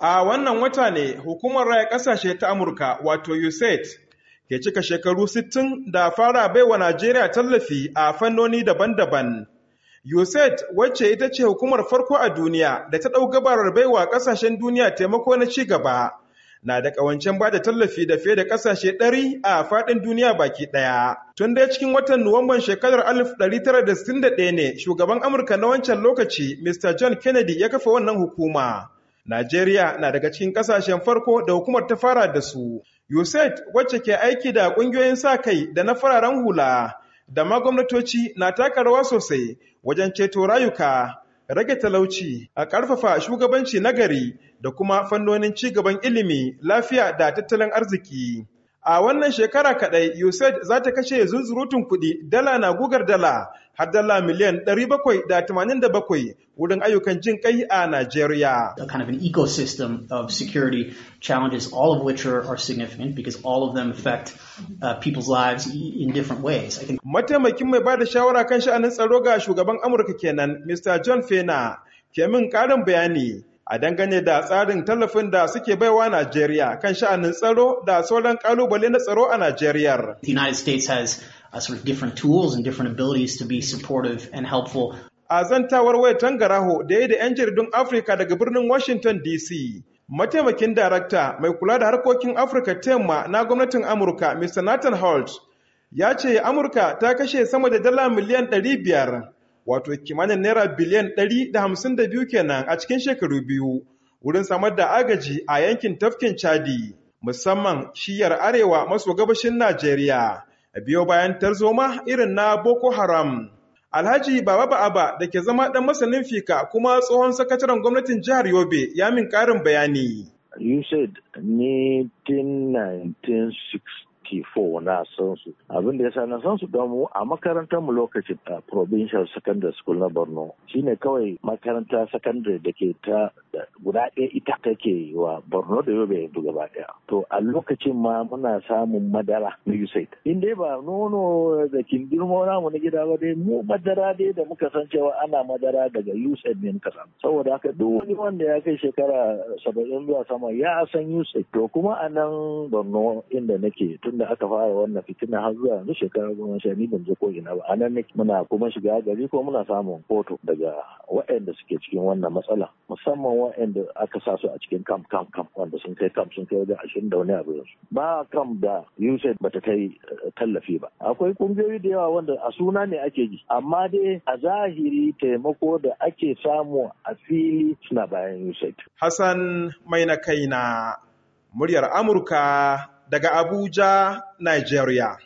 A wannan wata ne hukumar raya ƙasashe ta Amurka wato USAID ke cika shekaru sittin da fara baiwa Najeriya tallafi a fannoni daban-daban. USAID wacce ita ce hukumar farko a duniya da ta ɗau gabarar baiwa ƙasashen duniya taimako na ci gaba na da ƙawancen ba da tallafi da fiye da ƙasashe ɗari a faɗin duniya baki ɗaya. Tun dai cikin watan Nuwamban shekarar 1961 ne shugaban Amurka na wancan lokaci Mr. John Kennedy ya kafa wannan hukuma. Najeriya na daga cikin kasashen farko da hukumar ta fara da su. USAID wacce ke aiki da ƙungiyoyin sa kai da na fararen hula da ma gwamnatoci na taka rawa sosai wajen ceto rayuka, rage talauci, a ƙarfafa shugabanci nagari da kuma fannonin ci gaban ilimi, lafiya da tattalin arziki. A wannan shekara kaɗai USAID za ta kashe zunzurutun kuɗi dala na gugar dala har dala miliyan 787 wurin ayyukan jin kai a Najeriya. A kind of an ecosystem of security challenges, all of which are, are significant because all of them affect uh, people's lives in different ways. Mataimakin mai ba da shawara kan sha'anin tsaro ga shugaban Amurka kenan, Mr. John Fena, ke min karin bayani. a dangane da tsarin tallafin da suke baiwa Najeriya kan sha'anin tsaro da sauran kalubale na tsaro a Najeriya. The United States has uh, sort of different tools and different abilities to be supportive and helpful. A zantawar waye tangaraho da ya da 'yan jaridun Afirka daga birnin Washington DC. Mataimakin darakta mai kula da harkokin Afirka tema na gwamnatin Amurka, Mr. Nathan Holt, ya ce Amurka ta kashe sama da dala miliyan 500 wato kimanin naira biliyan 152 kenan a cikin shekaru biyu wurin samar da agaji a yankin tafkin Chadi musamman shiyar arewa maso gabashin Najeriya biyo bayan tarzoma irin na Boko Haram. Alhaji Baba Ba'aba da ke zama ɗan masanin fika kuma tsohon sakataren gwamnatin jihar Yobe ya min ƙarin bayani. You said 1960 fo na san su abin da yasa na san su don mu a makarantar mu lokacin A provincial secondary school na Borno shine kawai makaranta secondary da ke ta guda ɗaya ita take wa borno da yobe yanzu gaba ɗaya to a lokacin ma muna samun madara na usaid in dai ba nono da kindirmo namu na gida ba dai mu madara dai da muka san cewa ana madara daga usaid ne muka samu saboda haka duk wani wanda ya kai shekara saba'in zuwa sama ya san usaid to kuma a nan borno inda nake tunda aka fara wannan fitina har zuwa yanzu shekara goma sha ni ban je ko ina ba a nan muna kuma shiga gari ko muna samun foto daga waɗanda suke cikin wannan matsala musamman wa'anda aka sa su a cikin camp camp camp wanda sun kai camp sun kai wajen ashirin da wani abu yanzu ba kam da USAID bata kai eh, tallafi ba akwai kungiyoyi da yawa wanda a suna ne ake ji amma dai a zahiri taimako da ake samu a fili suna bayan USAID Hassan mai na kai na muryar Amurka daga Abuja Nigeria